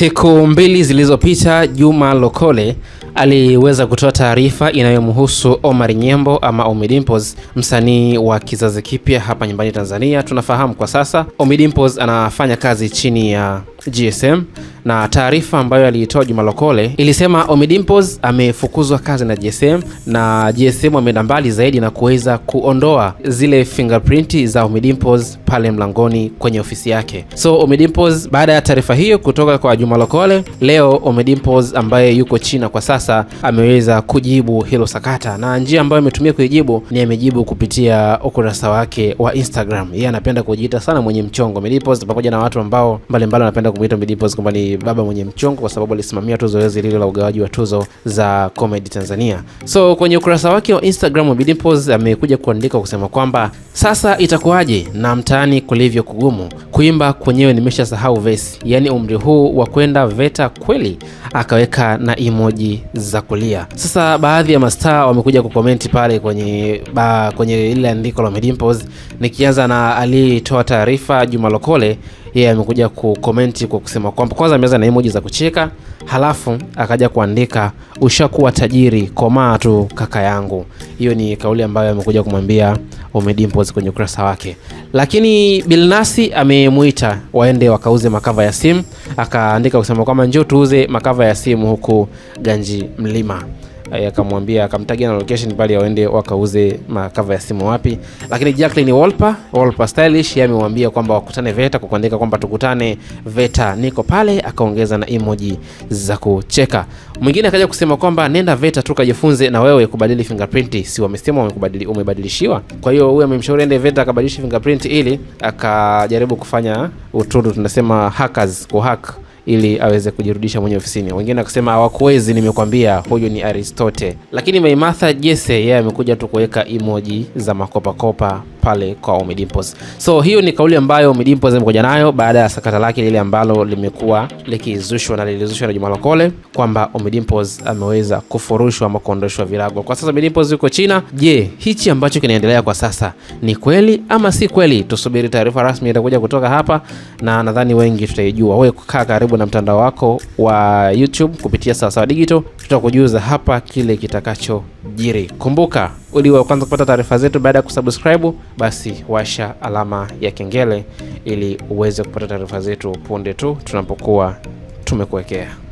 Siku mbili zilizopita Juma Lokole aliweza kutoa taarifa inayomhusu Omar Nyembo ama Ommy Dimpoz, msanii wa kizazi kipya hapa nyumbani Tanzania. Tunafahamu kwa sasa Ommy Dimpoz anafanya kazi chini ya GSM na taarifa ambayo aliitoa Juma Lokole ilisema Ommy Dimpoz amefukuzwa kazi na GSM na GSM ameenda mbali zaidi na kuweza kuondoa zile fingerprint za Ommy Dimpoz pale mlangoni kwenye ofisi yake. So Ommy Dimpoz baada ya taarifa hiyo kutoka kwa Juma Lokole, leo Ommy Dimpoz ambaye yuko China kwa sasa ameweza kujibu hilo sakata, na njia ambayo ametumia kuijibu ni amejibu kupitia ukurasa wake wa Instagram. Yeye anapenda kujiita sana mwenye mchongo Ommy Dimpoz pamoja na watu ambao mbalimbali wanapenda wanapenda kumuita Mid kwamba ni baba mwenye mchongo, kwa sababu alisimamia tu zoezi lile la ugawaji wa tuzo za comedy Tanzania. So kwenye ukurasa wake wa Instagram Mid amekuja kuandika kusema kwamba sasa itakuwaje na mtaani kulivyo kugumu, kuimba kwenyewe sahau vesi, yaani umri huu wa kwenda VETA kweli. Akaweka na emoji za kulia. Sasa baadhi ya mastaa wamekuja kukomenti pale kwenye ba, kwenye ile andiko la Mid nikianza na aliyetoa taarifa Juma Lokole yeye yeah, amekuja kukomenti kwa kusema kwamba kwanza ameanza na emoji za kucheka, halafu akaja kuandika ushakuwa tajiri, komaa tu kaka yangu. Hiyo ni kauli ambayo amekuja kumwambia umedimpos kwenye ukurasa wake, lakini Bilnasi amemuita waende wakauze makava ya simu, akaandika kusema kwamba njoo tuuze makava ya simu huku Ganji Mlima. Eh, akamwambia akamtagia na location pale waende wakauze makava ya simu wapi. Lakini Jacqueline Wolper, Wolper Stylish yeye amemwambia kwamba wakutane VETA kwa kuandika kwamba tukutane VETA niko pale, akaongeza na emoji za kucheka. Mwingine akaja kusema kwamba nenda VETA tu kajifunze na wewe kubadili fingerprint, si wamesema wamekubadili umebadilishiwa. Kwa hiyo huyo amemshauri ende VETA akabadilishe fingerprint ili akajaribu kufanya utundu tunasema hackers kuhack ili aweze kujirudisha mwenye ofisini. Wengine wakasema hawakuwezi, nimekwambia huyu ni Aristote. Lakini maimatha Jesse yeye amekuja tu kuweka emoji za makopakopa pale kwa Omidimpos. So hiyo ni kauli ambayo Omidimpos amekuja nayo baada ya sakata lake lile ambalo limekuwa likizushwa na lilizushwa na Juma Lokole kwamba Omidimpos ameweza kufurushwa ama kuondoshwa virago. Kwa sasa Omidimpos yuko China. Je, hichi ambacho kinaendelea kwa sasa ni kweli ama si kweli? Tusubiri taarifa rasmi itakuja kutoka hapa, na nadhani wengi tutaijua. Wewe kaa karibu na mtandao wako wa YouTube kupitia Sawasawa Digital tutakujuza hapa kile kitakachojiri. Kumbuka, uliwa wa kwanza kupata taarifa zetu baada ya kusubscribe, basi washa alama ya kengele ili uweze kupata taarifa zetu punde tu tunapokuwa tumekuwekea.